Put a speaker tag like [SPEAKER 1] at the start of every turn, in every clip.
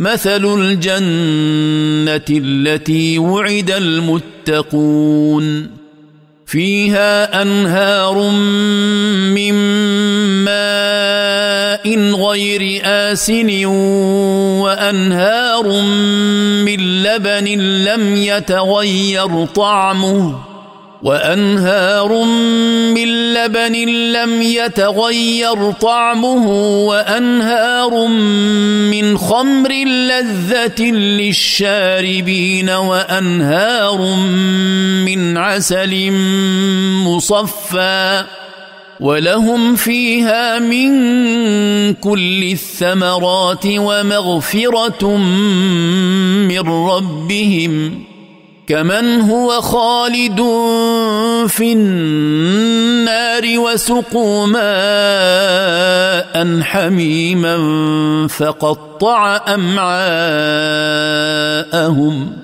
[SPEAKER 1] مثل الجنة التي وعد المتقون فيها أنهار من ماء غير آسن وأنهار من لبن لم يتغير طعمه وانهار من لبن لم يتغير طعمه وانهار من خمر لذه للشاربين وانهار من عسل مصفى ولهم فيها من كل الثمرات ومغفره من ربهم كمن هو خالد في النار وسقوا ماء حميما فقطع امعاءهم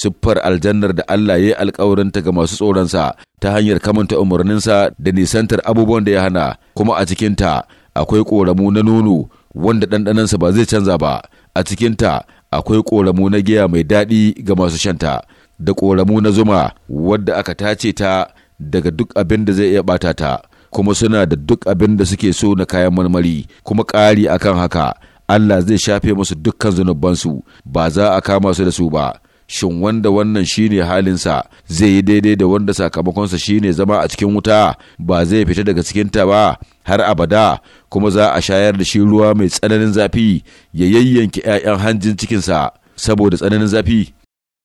[SPEAKER 2] siffar aljannar da Allah ya yi alkawarinta ga masu tsoronsa ta hanyar kamanta umarninsa da nisantar abubuwan da ya hana kuma a cikinta akwai ƙoramu na nono wanda ɗanɗanansa ba zai canza ba a cikinta akwai ƙoramu na giya mai daɗi ga masu shanta da ƙoramu na zuma wadda aka tace ta daga duk abin da zai iya ɓata ta kuma suna da duk abin da suke so na kayan marmari kuma ƙari kan haka Allah zai shafe musu dukkan zunubansu ba za a kama su da su ba shin wanda wannan shine halinsa zai yi daidai da wanda sakamakonsa shine zama a cikin wuta ba zai fita daga cikinta ba har abada kuma za a shayar da shi ruwa mai tsananin zafi ya yayyanki 'ya'yan hanjin cikinsa saboda tsananin zafi